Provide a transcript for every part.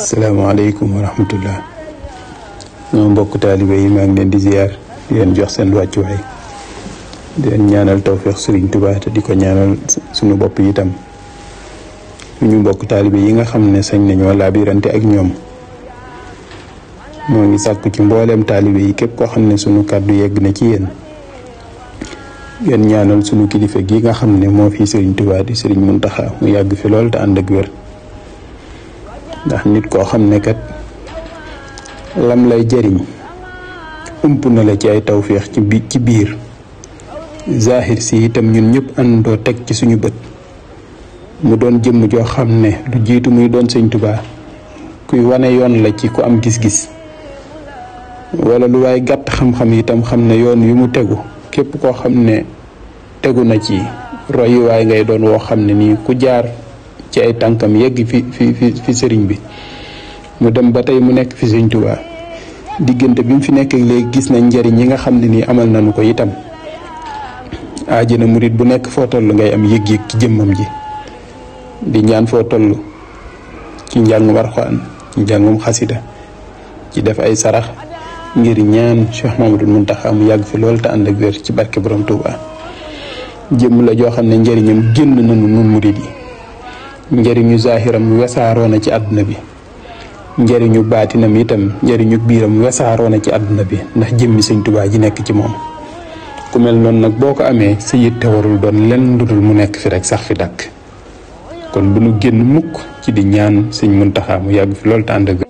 asalaamaaleykum wa rahmatullah ñoo mbokk taalibe yi maa ngi leen di ziar leen jox seen wàccuwaay di leen ñaanal tawféex sëriñ Tuubaa te di ko ñaanal suñu bopp itam ñu mbokk taalibe yi nga xam ne sañ nañoo laabirante ak ñoom moo ngi sàkku ci mboolem taalibe yi képp koo xam ne sunu kàddu yegg na ci yéen ngeen ñaanal sunu kilifa gi nga xam ne moo fi Serigne Touba di Serigne Mountakha mu yàgg fi lool te ànd ak wér ndax nit koo xam ne kat lam lay jariñ ump na la ci ay tawféex ci bi ci biir zahir si itam ñun ñëpp àndoo teg ci suñu bët mu doon jëmm joo xam ne lu jiitu muy doon Serigne Touba kuy wane yoon la ci ku am gis-gis wala lu waaye gàtt xam-xam itam xam ne yoon wi mu tegu. képp koo xam ne tegu na ci royuwaay ngay doon woo xam ne nii ku jaar ci ay tànkam yegg fi fi fi sëriñ bi mu dem ba tey mu nekk fi sëriñ diggante bi mu fi nekk léegi gis na njariñ yi nga xam ne nii amal nañu ko itam aajana murit bu nekk foo toll ngay am yëg-yëg ci jëmmam ji di ñaan foo toll ci njàngum Alxuraan ci njàngum xasida ci def ay sarax ngir ñaan Cheikh Mamadou Mountakha mu yàgg fi lool te ci barke borom Touba jëmm la joo xam ne njëriñam génn nañu nun murid yi njëriñu zaahiram wesaaroona ci àdduna bi njëriñu baatinam itam njëriñu biiram wesaaroona ci àdduna bi ndax jëmmi sëñ Touba ji nekk ci moom ku mel noonu nag boo ko amee sa yitte warul doon lenn ludul mu nekk fi rek sax fi dakk kon bu nu génn mukk ci di ñaan sëñ taxa mu yàgg fi loolu te ànd ak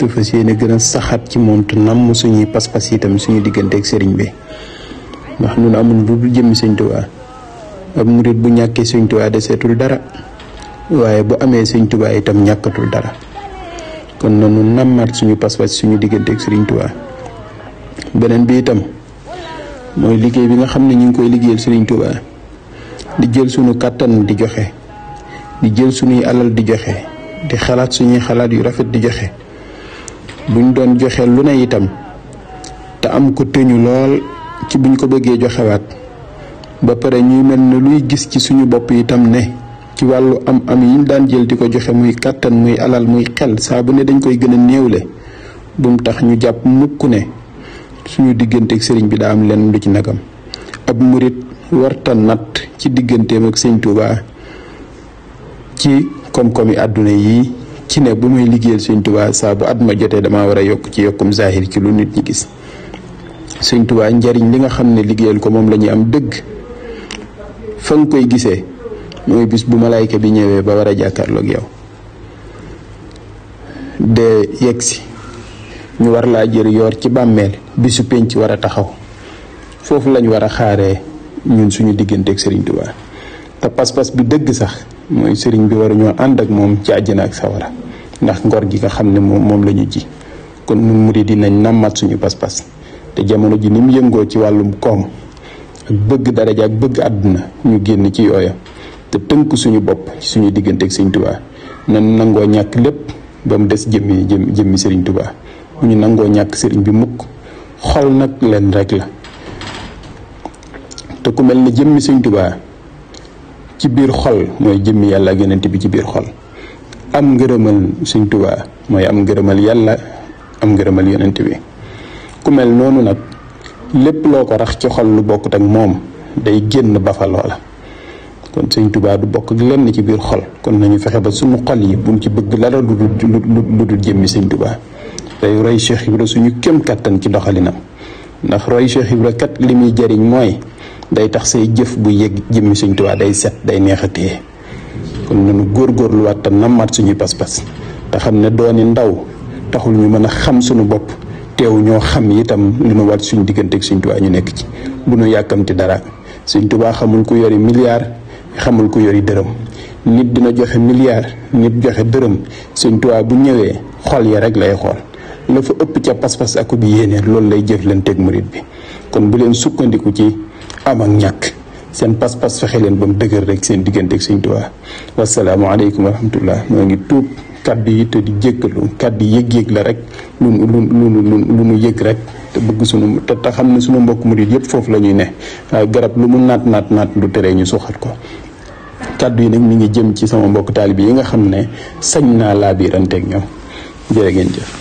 te fas yéene gën a saxaat ci moom te namm suñuy pas-pas itam suñu digganteeg sëriñ bi ndax ñun amuñu lu dul jëmmi sëñ Tuubaa bu ñàkkee sëñ Tuubaa dara waaye bu amee sëñ itam ñàkkatul dara kon nanu nammaat suñu pas-pas suñu digganteeg sëriñ Tuubaa beneen bi itam mooy liggéey bi nga xam ne ñu ngi koy liggéeyal sëriñ Tuubaa di jël suñu kàttan di joxe di jël suñuy alal di joxe di xalaat suñuy xalaat yu rafet di joxe buñ doon joxe lu ne itam te am ko tëñu lool ci buñ ko bëggee joxewaat ba pare ñuy mel ne luy gis ci suñu bopp itam ne ci wàllu am am yi ñu daan jël di ko joxe muy kàttan muy alal muy xel saa ne dañ koy gën a néewle bum tax ñu jàpp mukk ne suñu digganteeg sëriñ bi daa am lenn lu ci nagam ab murit warta natt ci digganteem ak sëñ Tuubaa ci koom-koomi àdduna yii ci ne bu may liggéeyal Sëñ Tuubaa saa bu at ma jotee damaa war a yokk ci yokkum zahir ci lu nit ñi gis sëñtuwaa njariñ li nga xam ne liggéeyal ko moom la ñuy am dëgg fa nga koy gisee mooy bis bu malaayka bi ñëwee ba war a jàkkaarloog yow de yegg si ñu war laa jël yoor ci bàmmeel bisu penc war a taxaw foofu lañu war a xaaree ñun suñu digganteeg Sëriñ Tuubaa te pas-pas bi dëgg sax mooy sëriñ bi war ñoo ànd ak moom ci àjjana ak sawara ndax ngor gi nga xam ne moom moom la ñu ji kon nun murid yi nañ nàmmat suñu pas-pas te jamono ji ni mu yëngoo ci wàllum koom ak bëgg daraja ak bëgg àdduna ñu génn ci yooya te tënk suñu bopp suñu diggante ak sëriñ tubaa nan nangoo ñàkk lépp ba mu des jëmmi jëm jëmmi sëriñ tubaa bu ñu nangoo ñàkk sëriñ bi mukk xol nag leen rek la te ku mel ni jëmmi sëriñ tubaa ci biir xol mooy jëmmi yàlla ak yonent bi ci biir xol am ngërëmal Sëñ Tuubaa mooy am ngërëmal yàlla am ngërëmal yonent bi ku mel noonu nag lépp loo ko rax ci xol lu bokkut ak moom day génn ba fa kon Sëñ tubaa du bokk ak lenn ci biir xol kon nañu fexe ba suñu xol yi buñ ci bëgg dara lu dul lu dul jëmmi Sëñ Tuubaa day roy Cheikh Ibra suñu kem kàttan ci doxalinam ndax roy Cheikh Ibra kat li muy jariñ mooy day tax say jëf bu yëg jëmmi suñ Tuubaa day set day neex a téye kon nanu góorgóorluwaat te nammaat suñuy pas-pas te xam ne dooni ndaw taxul ñu mën a xam suñu bopp teewu ñoo xam itam li nu wat suñu diggante ak suñ Tuubaa ñu nekk ci bu nu yàkkamti dara suñ Tuubaa xamul ku yori milliard xamul ku yori dërëm nit dina joxe milliard nit joxe dërëm suñ Tuubaa bu ñëwee xol ya rek lay xool la fa ëpp ca pas-pas ak bi yéene loolu lay jëf lanteek teg murit bi kon bu leen sukkandiku ci am ak ñàkk seen pas-pas fexe leen ba mu dëgër rek seen diggante ak Sëñ Tuubaa wasalaamualeykum wa rahmatullah maa ngi tuub kàddu yi te di jëkkalu kàddu yëg-yëg la rek lu nu lu lu nu yëg rek te bëgg sunu te xam ne sunu mbokk murit yëpp foofu la ñuy ne garab lu mu naat naat naat lu tere ñu suxat ko. kàddu yi nag mi ngi jëm ci sama mbokk taalibe yi nga xam ne sañ naa laabiranteeg ñoom jërë ngeen jëf.